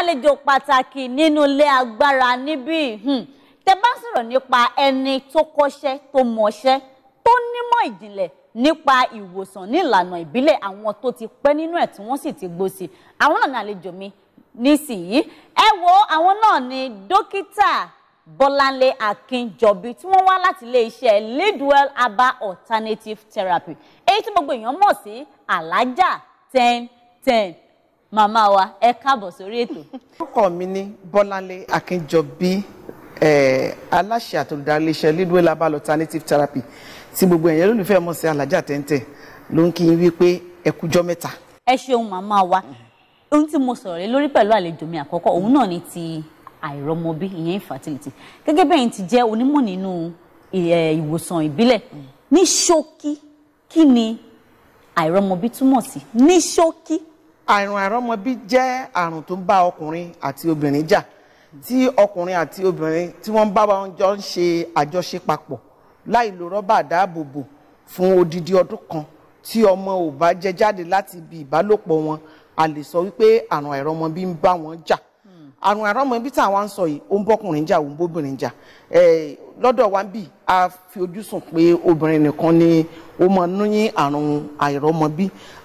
àlejò pàtàkì nínú ilé agbára níbí hmm. tẹ bá sọ̀rọ̀ nípa ẹni tó kọ́ṣẹ́ tó mọṣẹ́ tó nímọ̀ ìjìnlẹ̀ nípa ìwòsàn ní ìlànà ìbílẹ̀ àwọn tó ti pẹ́ nínú ẹ̀ tí wọ́n sì ti gbó sí àwọn náà ní àlejò mi nísìnyí ẹ wo àwọn náà ni dókítà Bọ́láńlé Akínjọbí tí wọ́n wá láti iléeṣẹ́ Leadwell Herbal Alternative Therapy èyí tí gbogbo èèyàn mọ̀ sí alájà ten ten màmá wa ẹ káàbọ̀ sórí ètò. orúkọ mi ni bọ́láńlé akínjọbí aláṣẹ àtòlùdarí iléeṣẹ́ Leadwell alternative therapy tí gbogbo ẹ̀yẹ́ lólùfẹ́ mọ̀ sí alájà tẹ́ńtẹ́ ló ń kí yín wípé ẹ kújọ́ mẹ́ta. ẹ ṣeun màmá wa ohun tí mo sọ̀rọ̀ lé lórí pẹ̀lú àlejò mi àkọ́kọ́ òun náà ni ti àìrọ́mọbí ìyẹn infertility gẹ́gẹ́ bẹ́ẹ̀ ti jẹ́ onímọ̀ nínú ìwòsàn ìbílẹ̀ ní ṣókí kí ni àìrọ́mọbí túmọ̀ sí ní ṣókí àrùn àrọ́mọbí jẹ́ àrùn tó ń bá ọkùnrin àti obìnrin jà tí ọkùnrin àti obìnrin tí wọ́n bá wọn jọ ń ṣe àjọṣe papọ̀ láì lo rọ́bà dáàbòbò fún odidi ọdún kan tí ọmọ ò bá jẹ jáde láti ibi ìbálòpọ̀ wọn a lè sọ wípé àrùn àìrọ́mọbí ń bá wọn jà àrùn àrọ́mọ ibi tí àwọn ń sọ yìí ó ń bọ́kùnrin jà ó ń bóbìnrin jà lọ́dọ̀ wa ń bì a fi ojú sùn pé obìnrin nìkan ni ó máa ń ní àrùn àìrọ́mọbí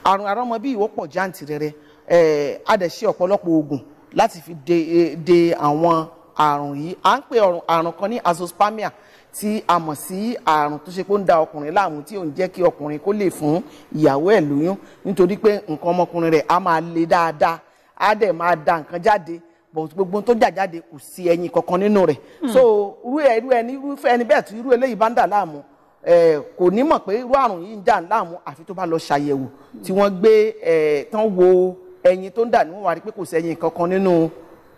àrùn àìrọ́mọbí ó pọ̀ jáǹtìrẹrẹ a dẹ̀ ṣe ọ̀pọ̀lọpọ̀ oògùn láti fi de àwọn àrùn yìí à ń pè àrùn kan ní azospamia tí a mọ̀ sí àrùn tó ṣe pé ó ń da ọkùnrin láàmú tí ò ń jẹ́ kí ọkùnrin kó lè fún ìyàwó ẹ̀ lóyún nítorí pé nǹkan ọmọkùnrin rẹ̀ á máa le dáadáa á dẹ̀ máa da nǹkan jáde gbogbo tó jà jáde kò sí ẹyin kankan nínú rẹ̀ so irú ẹ irú ẹni irúfẹ́ ẹni bẹ́ẹ̀ tí irú eléyìí bá ń dà láàmú kò ní mọ̀ pé irú àrùn yìí ń dà láàmú àfi tó bá lọ ṣàyẹ̀wò tí wọ́n gbé tán wo ẹyin tó ń dà ní wọ́n rí pé kò sí ẹyin kankan nínú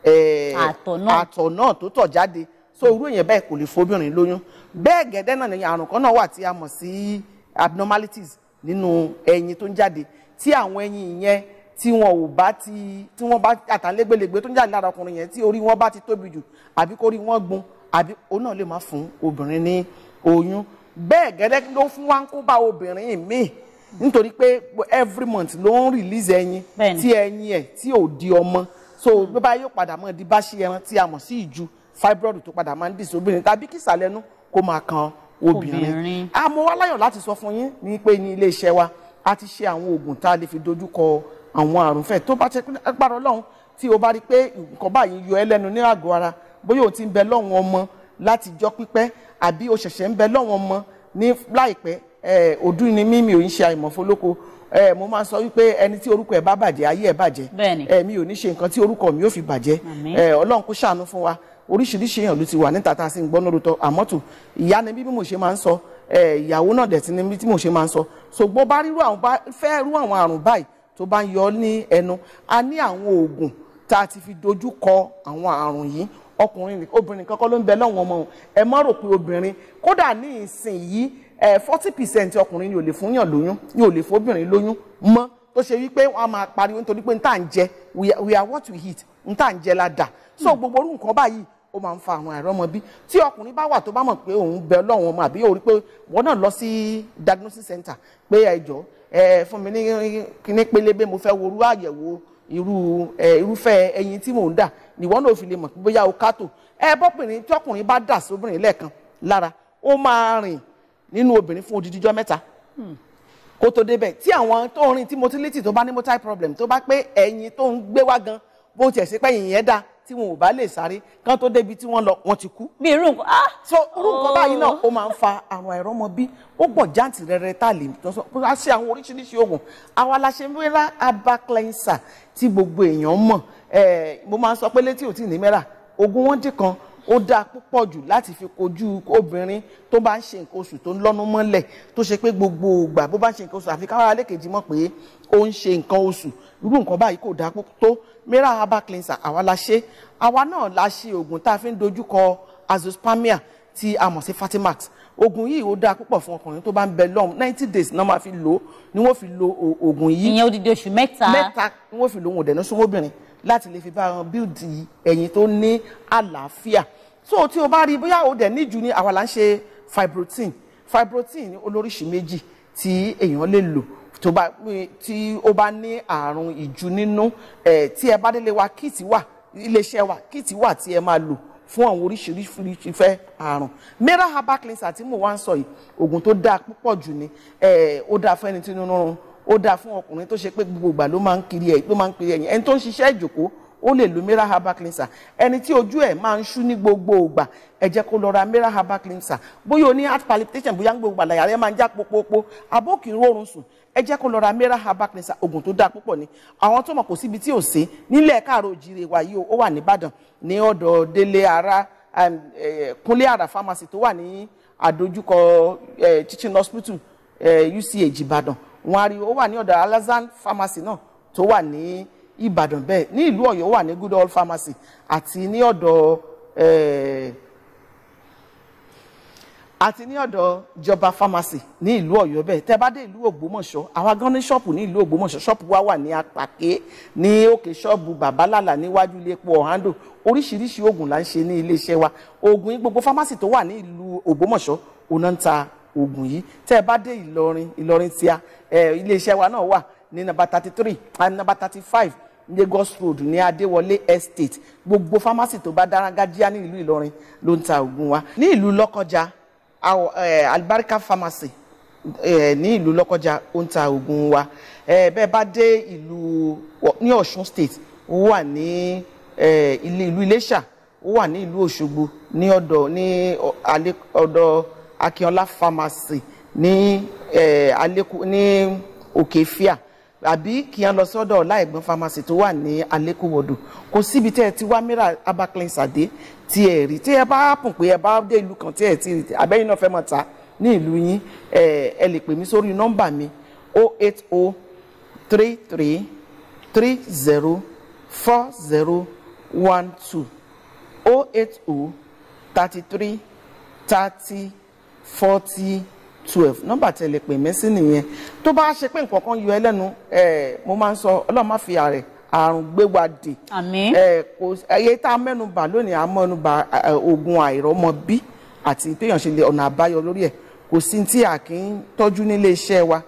àtọ̀ náà tó tọ̀ jáde so irú èèyàn bẹ́ẹ̀ kò lè fóbìnrin lóyún bẹ́ẹ̀ gẹ́dẹ́ náà ni àrùn kan náà wà tí a mọ̀ sí abnormalities nínú ẹyin tó ń jáde tí àwọn ẹyin yẹn tí wọn ò bá ti tí wọn bá àtàlégbélégbé tó ń jà lára ọkùnrin yẹn tí orí wọn bá ti tóbi jù àbí kórí wọn gbun àbí òun náà lè má fún obìnrin ní oyún bẹ́ẹ̀ gẹ́lẹ́ ló fún wa ń kó bá obìnrin míì nítorí pé every month ló ń release ẹyin tí ẹyin ẹ tí ò di ọmọ so hmm. bí bá yóò padà mọ di bá ṣe ẹran tí a mọ̀ sí ìju fibroid tó padà máa ń dì sí obìnrin tàbí kí ìsàlẹ̀nu kó máa kan obìnrin àmọ́ wá láyọ̀ láti sọ fún yín ní pé ní ilé wa a ti ṣe àwọn oògùn tá a lè fi dojú kọ àwọn àrùn fẹ̀ tó bá ṣe agbára ọlọ́run tí o bá rí i pé nǹkan báyìí yọ ẹ́ lẹ́nu ní àgọ́ ara bóyá o ti ń bẹ lọ́wọ́n ọmọ láti jọ pípẹ́ àbí o ṣẹ̀ṣẹ̀ ń bẹ lọ́wọ́n ọmọ ní láìpẹ́ ọdún ni mímì ò ń ṣe àìmọ̀fólóko Eh, mo máa ń sọ wípé ẹni tí orúkọ ẹ bá bàjẹ́ ayé ẹ bàjẹ́ mi ò ní ṣe nǹkan tí orúkọ mi ò fi bàjẹ́ ọlọ́run kó ṣàánú fún wa oríṣiríṣi èèyàn ló ti wà níta tá a sì ń gbọ́ lórúkọ àmọ́tò ìyá ni bí mo ṣe máa ń sọ ìyàwó náà dẹ̀ ti ni bí mo ṣe máa ń sọ ṣùgbọ́n bá rírú àwọn fẹ́ rú àwọn àrùn báyìí tó bá ń yọ ní ẹnu a ní àwọn oògùn tá a ti fi dojú kọ àwọn àrùn yìí ọkùnrin obìnrin kankan ló ń bẹ lọ́wọ́n ọmọ ẹ má rò pé obìnrin kódà ní ìsìn yìí forty percent ọkùnrin ni lè fún lóyún ni ò lè fún obìnrin lóyún mọ́ tó ṣe wípé wọ́n á máa pariwo nítorí pé n tà ń jẹ we are what we eat n tà ń jẹ la dà so hmm. gbogbo orú nǹkan báyìí ó máa ń fa àwọn àìrọ́mọbí tí ọkùnrin bá wà tó bá mọ̀ pé òun bẹ lọ́wọ́n ọmọ àbí òun rí pé wọ́n náà lọ sí diagnosis center pé ẹ ẹ fún mi ní kíní pélébé mo fẹ́ worú àyẹ̀wò irú ẹ irúfẹ́ ẹyin tí mò ń dà níwọ náà fi lè mọ̀ bóyá o kátó ẹ bọ́pìnrin tọkùnrin bá dà sóbìnrin lẹ́ẹ̀kan lára ó máa rìn nínú obìnrin fún odidi mẹ́ta hmm. kó tó débẹ̀ tí àwọn tó ń rìn tí motility tó bá ní motile problem tó bá pé ẹyin tó ń gbé wá gan bó tiẹ̀ sí pé yẹn dáa tí wọn ò bá lè sáré kán tó débi tí wọ́n lọ wọ́n ti kú. bí irú nǹkan ah. so irú nǹkan oh. báyìí náà ó máa ń fa àrùn àìrọ́mọbí ó pọ̀ jáǹtì rẹ̀rẹ̀ tá a lè tọ́sọ a ṣe àwọn oríṣiríṣi oògùn àwa la ṣe mẹ́ra aba cleanser tí gbogbo èèyàn mọ̀ mo máa ń sọ pé létí ò tí ì ní mẹ́ra oògùn wọn dín kan ó dáa púpọ̀ jù láti fi kojú obìnrin tó bá ń ṣe nǹkan oṣù tó ń lọ́nu mọ́lẹ̀ tó ṣe pé gbogbo ìgbà bó bá ń ṣe nǹkan oṣù àfi káwọn alékejì mọ̀ pé ó ń ṣe nǹkan oṣù irú nǹkan báyìí kò dáa tó mìíràn herbal cleanser àwa la ṣe àwa náà la ṣe oògùn tá a fi ń dojúkọ azospamia tí a mọ̀ sí fatimax oògùn yìí ó dáa púpọ̀ fún ọkùnrin tó bá ń bẹ lọ́hùn ninety days náà máa fi lò ó ni wọ́n fi lo oògùn yìí ìyẹn odidi oṣù mẹ́ta mẹ́ta ni wọ́n fi lò ó òun ò dẹ̀ ní sún láti lè fi bá wọn bíldì ẹ̀yìn tó ní àlàáfíà so tí o bá rí bóyá o dẹ̀ níjú ni àwa là ń ṣe fibrotin fibrotin olóríṣìí méjì tí èèyàn lè lò tó bá tí o bá ní àrùn ìjú nínú ẹ̀ tí ẹ bá délé wa kíìtì wà iléeṣẹ́ wa kíìtì wà tí ẹ máa lò fún àwọn oríṣiríṣi fẹ́ àrùn mera herbal cleanser tí mo wá ń sọ yìí oògùn tó dáa púpọ̀ jù ni ó dáa fún ẹni tí nínú rún ó dáa fún ọkùnrin tó ṣe pé gbogbo ìgbà ló máa ń kiri ẹ̀ ló máa ń kiri ẹ̀yìn ẹni tó ń ṣiṣẹ́ ìjòkó ó lè lo mira herbal cleanser ẹni tí ojú ẹ̀ máa ń ṣú ní gbogbo ìgbà ẹ jẹ́ kó lọ ra mira herbal cleanser bóyá o ní heart palpitation bóyá ń gbogbo àlàyé rẹ máa ń já pópópó abókì rórun sùn ẹ jẹ́ kó lọ ra mira herbal cleanser oògùn tó dáa púpọ̀ ni àwọn tó mọ̀ kò síbi tí ò sí nílẹ̀ káàró òjìrè wa yìí ó wà nìbàdàn ní ọ̀dọ̀ délé ara um, kúnlé àrà pharmacy tó wà ní àdójúkọ teaching hospital uch ìbàdàn wọn á rí ó wà ní ọ̀dọ̀ alazan pharmacy náà tó wà ní ìbàdàn bẹ́ẹ̀ ní ìlú ọ̀yọ́ wà ní good old pharmacy àti ní ọ̀dọ̀ eh, àti ní ọ̀dọ̀ jọba pharmacy ní ìlú ọ̀yọ́ bẹ́ẹ̀ tẹ́ bá dé ìlú ògbómọ̀ṣọ́ àwa gan ní ṣọ́ọ̀pù ní ìlú ògbómọ̀ṣọ́ ṣọ́ọ̀pù wa wà ní apàké ní òkè ṣọ́ọ̀bù babalálà níwájú ilé epo ọ̀hándò oríṣiríṣi oògùn là ń ṣe ní iléeṣẹ́ wa oògùn gbogbo pharmacy tó wà ní ìlú ògbómọ̀ṣọ́ òun náà ń ta oògùn yìí tẹ́ ẹ bá dé ìlọrin ìlọrin tíá iléeṣẹ́ wa náà wà ní nàbà thirty three and nàbà thirty five Lagos Road ní Adéwọlé Estate gbogbo fámásì tó bá dárangájíá ní ìlú Ìlọrin ló ń ta oògùn wa ní ìlú Lọ́kọjà Albarika Pharmacy ní ìlú Lọ́kọjà ó ń ta oògùn wa bẹ́ẹ̀ bá dé ìlú ní Ọ̀ṣun State ó wà ní ìlú Iléṣà ó wà ní ìlú Òṣogbo ní ọ̀dọ̀ ní ọ̀dọ̀ akínọlá pharmacy ní eh, alẹ́kù ní òkèfíà àbí kí n lọ sọ́dọ̀ ọlá ẹ̀gbọ́n pharmacy tó wà ní alẹ́kù wọdù kò síbi tẹ́ ẹ ti wá mìíràn herbal cleanser dé tí ẹ rí tí ẹ bá pùn pé ẹ bá dé ìlú kan tí ẹ ti rí abẹ́yìn náà fẹ́ mọ̀ ta ní ìlú yín eh, ẹ lè pè mí sórí nọ́mbà mi 08033 30 40 12 080 33 30 forty twelve nọ́mbà tẹ̀lé pè mí sí nìyẹn tó bá ṣe pé nǹkan kan yọ ẹ lẹ́nu mo máa ń sọ ọlọ́run má fi àrẹ̀ àrùn gbéwa dè ẹ̀yẹ tá a mẹ́nu bà lónìí a mẹ́nu bà oògùn àìrọ́mọbí àti téèyàn ṣe lè ọ̀nà àbáyọ lórí ẹ̀ kò sí tí a kì í tọ́jú nílé iṣẹ́ wa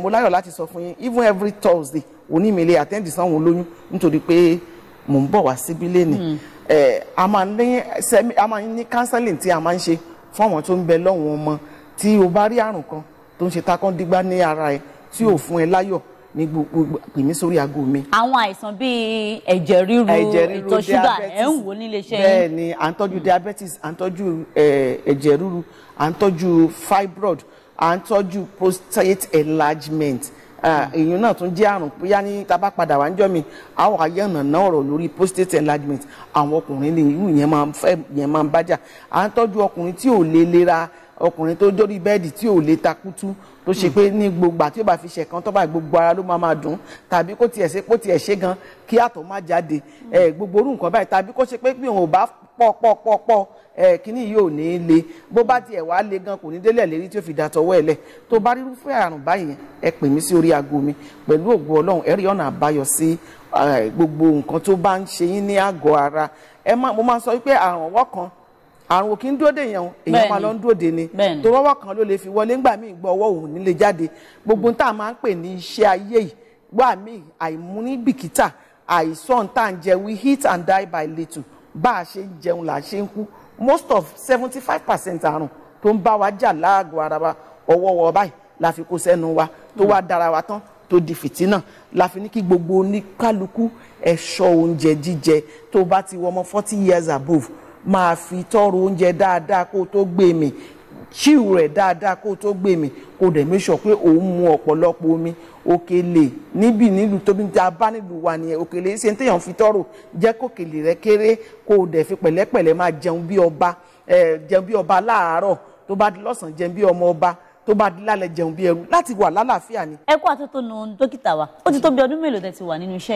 mo láyọ̀ láti sọ fún yín even every Thursday òní mi lè attend sanwó lóyún nítorí pé mò ń bọ̀ wá síbí lénìí hmm. a máa ní counseling tí a máa ń ṣe fún àwọn tó ń bẹ lọ́wọ́n ọmọ tí o bá rí àrùn kan tó ń ṣe takọ́ndígbá ní ara ẹ tí ò fún ẹ láyọ̀ ní gbogbo pè sórí aago mi. àwọn àìsàn bíi ẹ̀jẹ̀ ríru ìtọ̀ ṣúgà ẹ̀ ń wò nílé iṣẹ́ yín. bẹ́ẹ̀ ni à ń tọ́jú diabetes à ń tọ́jú ẹ̀jẹ̀ ríru à ń tọ́jú fibroid à ń tọ́jú prostate enlargement èyàn náà tún jẹ́ àrùn bóyá ní tábà padà wá ń jọ́ mi àwọn àyànnà náà ọ̀rọ̀ lórí prostate enlargement àwọn ọkùnrin lè irú yẹn máa ń fẹ́ yẹn máa ń bájà à ń tọ́jú ọkùnrin tí ò lè lera ọkùnrin tó dórí bẹ́ẹ̀dì tí ò lè takútú tó ṣe pé ní gbogbo àti ìbá fi ṣe kan tó bá gbogbo ara ló máa máa dùn tàbí kó tiẹ̀ ṣe kó tiẹ̀ ṣe gan kí àtọ̀ má jáde gbogbo orú nǹkan báyìí tàbí kó ṣe pé bí ò bá pọ̀ pọ̀ pọ̀ pọ̀ ẹ kíní yìí ò ní í le bó bá tiẹ̀ wá le gan kò ní délẹ̀ lérí tí ó fi dàtọ̀wọ́ ẹ̀ lẹ̀ tó bá rí irúfẹ́ àrùn báyìí ẹ pè mí sí orí aago mi pẹ̀lú ògo ọlọ́run ẹ rí ọ̀nà àbáyọ sí gbogbo nǹkan tó bá ń ṣe yín ní àgọ́ ara ẹ má mo máa sọ wípé àrùn ọwọ́ kan àrùn òkè ń dúró dè yẹn o èèyàn máa lọ ń dúró dè ni tó rọwọ́ kan ló lè fi wọlé ńgbà míì gbọ́ ọwọ́ òun nílé jáde gbogbo tá a máa ń pè ní iṣẹ́ ayé yìí gbọ́ àmì àìmúníbìkítà àìsàn tá à ń jẹ we hit and die by little bá a ṣe ń jẹun là ṣe ń kú most of seventy five percent àrùn tó ń bá wa jà láàgọ̀ ara wa ọwọ́wọ́ báyìí la fi kó sẹ́nu wa tó wá dára wa tán tó di fìtínà la fi ní kí gbogbo oníkálukú ẹ̀ṣọ́ oúnjẹ jíjẹ tó bá ti wọ ọmọ forty years above máa fi tọ́rọ oúnjẹ dáadáa kó tó gbé chíw rẹ̀ dáadáa kó tó gbé mi kó dẹ̀ make sure pé òun mu ọ̀pọ̀lọpọ̀ omi òkèlè níbi nílùú tóbi tí a bá nílùú wa nìyẹn òkèlè ṣe ń téèyàn fi tọrọ jẹ́ kókèlè rẹ̀ kéré kó o dẹ̀ fi pẹ̀lẹ́pẹ̀lẹ́ máa jẹun bí ọba jẹun bí ọba láàárọ̀ tó bá di lọ́sàn-án jẹun bí ọmọ ọba tó bá di lálẹ́ jẹun bí ẹrú láti wà lálàáfíà ni. ẹ kú àtúntò nu dókítà wa ó ti tó bí ọdún mélòó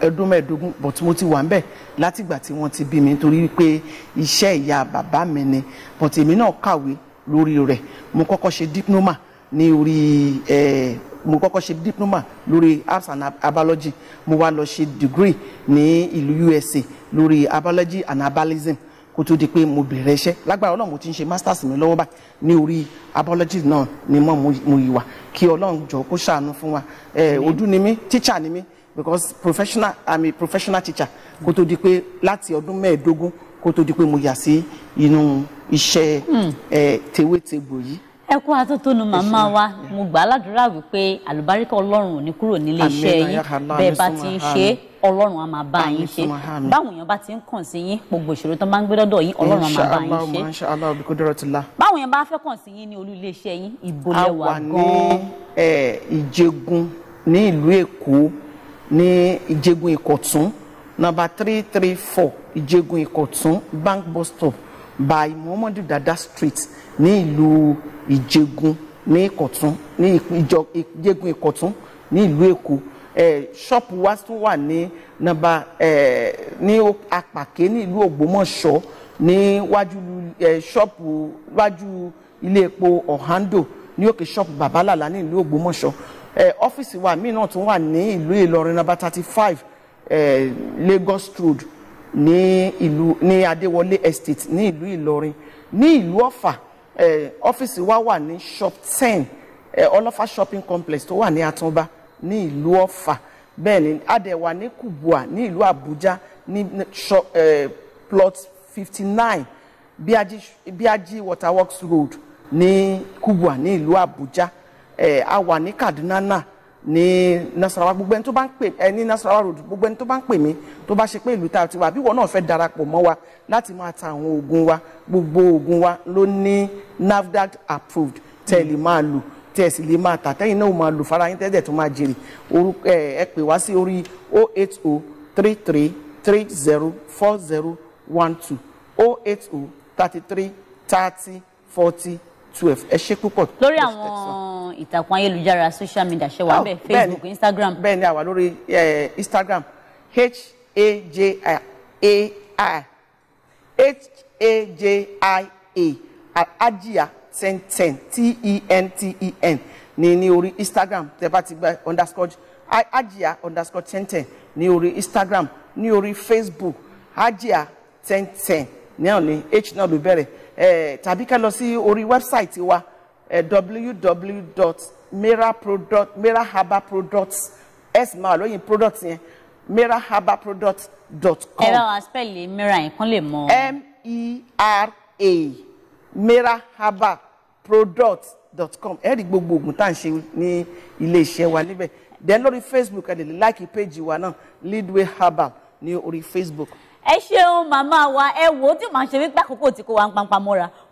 ẹdún mẹ́ẹ̀ẹ́dógún but mo ti wà ńbẹ̀ látìgbà tí wọ́n ti bí mi torí pé iṣẹ́ ìyá bàbá mi ni but èmi náà kàwé lórí rẹ̀ mo kọ́kọ́ ṣe diploma ní orí ẹ̀ mo kọ́kọ́ ṣe diploma lórí arts and abalogy mo wá lọ ṣe degree ní ìlú USA lórí abalogy and abalism kó tó di pé mo bẹ̀rẹ̀ iṣẹ́ lágbára ọlọ́run mo ti ń ṣe masters mi lọ́wọ́ báyìí ní orí abology náà ni mo yìí wà kí ọlọ́run jọ kó ṣàánú fún wa ojú ni mí tíṣà ni mí because professional i'm a professional teacher kó tó di pé láti ọdún mẹ́ẹ̀ẹ́dógún kó tó di pé mo yà sí inú iṣẹ́ hmm. eh, tewétegbò yìí. ẹ kú atótónu màmá wa mo gbà á ládùúrà wípé àlùbáríkà ọlọ́run ò ní kúrò nílé iṣẹ́ yín bẹ́ẹ̀ bá ti ń ṣe é ọlọ́run a máa bá yín ṣe báwọn èèyàn bá ti ń kàn sí yín gbogbo ìṣòro tó máa ń gbé dọ́dọ̀ yín ọlọ́run a máa bá yín ṣe báwọn èèyàn bá fẹ́ kàn sí yín ní olú iléeṣẹ́ yín ìbolẹ̀ wà gan-an. a wà ní eh, ìjẹgun ní ìlú èkó ní ìjẹgun ìkọ̀tún nọ́mbà three three four ìjẹgun ìkọ̀tún bank bus stop by muhammadu dada street ní ìlú ìjẹgun ní ìkọ̀tún ní ìjẹgun ìkọ̀tún ní ìlú èkó ṣọ́ọ̀pù wa tún wà ní nọ́mbà ní apàké ní ìlú ògbómọ̀ṣọ́ níwájú ṣọ́ọ̀pù wájú ilé epo ọ̀hándò ní òkè ṣọ́ọ̀pù babalàlá ní ìlú ògbómọ̀ṣọ́ Eh, ọ́fíìsì wa míì náà tún wà ní ìlú Ìlọrin number thirty five eh, Lagos Road ní ìlú ní Adéwọlé Estate ní ìlú Ìlọrin ní ìlú Ọ̀fà eh, ọ́fíìsì wa wà ní shop ten ọlọ́fà shopping complex tó wà ní Àtúnba ní ìlú Ọ̀fà bẹ́ẹ̀ ni adẹ̀wà ní Kubwa ní ìlú Àbújá ní plot fifty nine Bíájí Waterworks Road ní Kubwa ní ìlú Àbújá a wà ní Kaduna náà ní Nasarawa gbogbo ẹni tó bá ń pè ẹ ní Nasarawa road gbogbo ẹni tó bá ń pè mí tó bá ṣe pé ìlú tá a bí wọn náà fẹ́ darapọ̀ mọ́ wa láti máa ta àwọn oògùn wa gbogbo oògùn wa ló ní NAFDAC approved tẹ́ ẹ lè mm. máa lò sì lè máa tà náà máa lò fara yín tó máa jèrè ẹ wá sí orí twelve ẹ ṣe púpọ̀. lórí àwọn ìtàkùn ayélujára social media ṣe wà bẹ́ẹ̀ facebook instagram. bẹ́ẹ̀ ni àwa lórí instagram h a j i a i h a j i a ajia ten ten t e n t e n ni ni orí instagram tẹ bá ti gba underscore ajia underscore ten ten ni orí instagram ni orí facebook ajia ten ten náà ní h náà ló bẹ̀rẹ̀ tàbí ká lọ sí orí wẹ́bsáìtì wa www.miraherbalproducts.esma yẹn miraherbalproducts.com. ẹ bá wa spẹ́ẹ̀lì mira yẹn kán lè mọ. m-e-r-a miraherbalproducts.com ẹ rí gbogbo oògùn tá à ń ṣe ní iléeṣẹ́ wa níbẹ̀ then lórí Facebook ẹ lè like page wa náà Leadway Herbal ní orí Facebook ẹ ṣeun màmá wa ẹ wò ó tí màá ṣe wípé àkókò tí kò wá ń pampa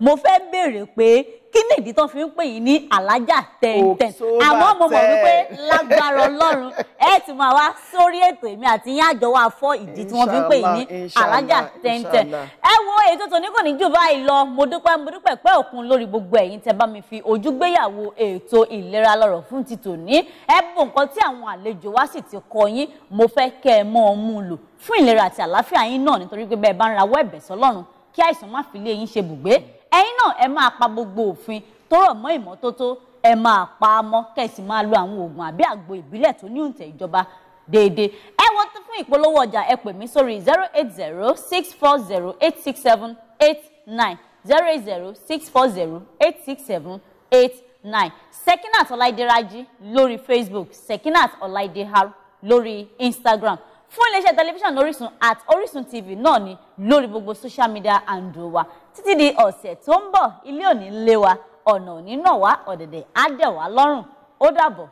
mo fẹ́ béèrè pé kí nìdí tó fi ń pè yín ní alájà tẹ̀ǹtẹ̀ǹ àmọ́ mo mọ̀ wípé lágbára ọlọ́run ẹ ti máa wá sórí ètò èmi àti yín àjọ wa fọ́ ìdí tí wọ́n fi ń pè yín ní alájà tẹ̀ǹtẹ̀ǹ ẹ wo ètò tòní kò ní jù báyìí lọ mo dúpẹ́ mo dúpẹ́ pẹ́ òkun lórí gbogbo ẹ̀yin tẹ́ bá mi fi ojú gbéyàwó ètò ìlera lọ́rọ̀ fún ti tòní ẹ bò nǹkan tí àwọn àlejò wa sì ti kọ yín mo fẹ́ kẹ́ ẹ mọ́ ọ mú lò fún ìlera àti àlàáfíà yín náà nítorí pé bẹ́ẹ̀ bá ń rawọ́ ẹ̀bẹ̀ sọ́lọ́run kí àìsàn má fi lé yín ṣe bùgbé ẹ̀yin náà ẹ máa pa gbogbo òfin tó rọ̀ mọ́ ìmọ́tótó ẹ máa pa á mọ́ kẹ̀sì máa lo àwọn oògùn àbí àgbo ìbílẹ̀ tó ní òǹtẹ̀ ìjọba déédéé ẹ wọ fún ìpolówó ọjà ẹ pè mí sórí zero eight zero six four zero eight six seven eight nine zero eight zero six four zero eight six seven eight nine Sekinat Ọláìdérájí lórí Facebook Sekinat Ọláìdéhar lórí Instagram fún iléeṣẹ́ tẹlifíṣàn Orísun at Orísun TV náà ni lórí gbogbo social media and wa títí di ọ̀sẹ̀ tó ń bọ̀ ilé òní ń lé wa ọ̀nà òní náà wá ọ̀dẹ̀dẹ̀ á dẹ̀ wá lọ́rùn ó dàbọ̀.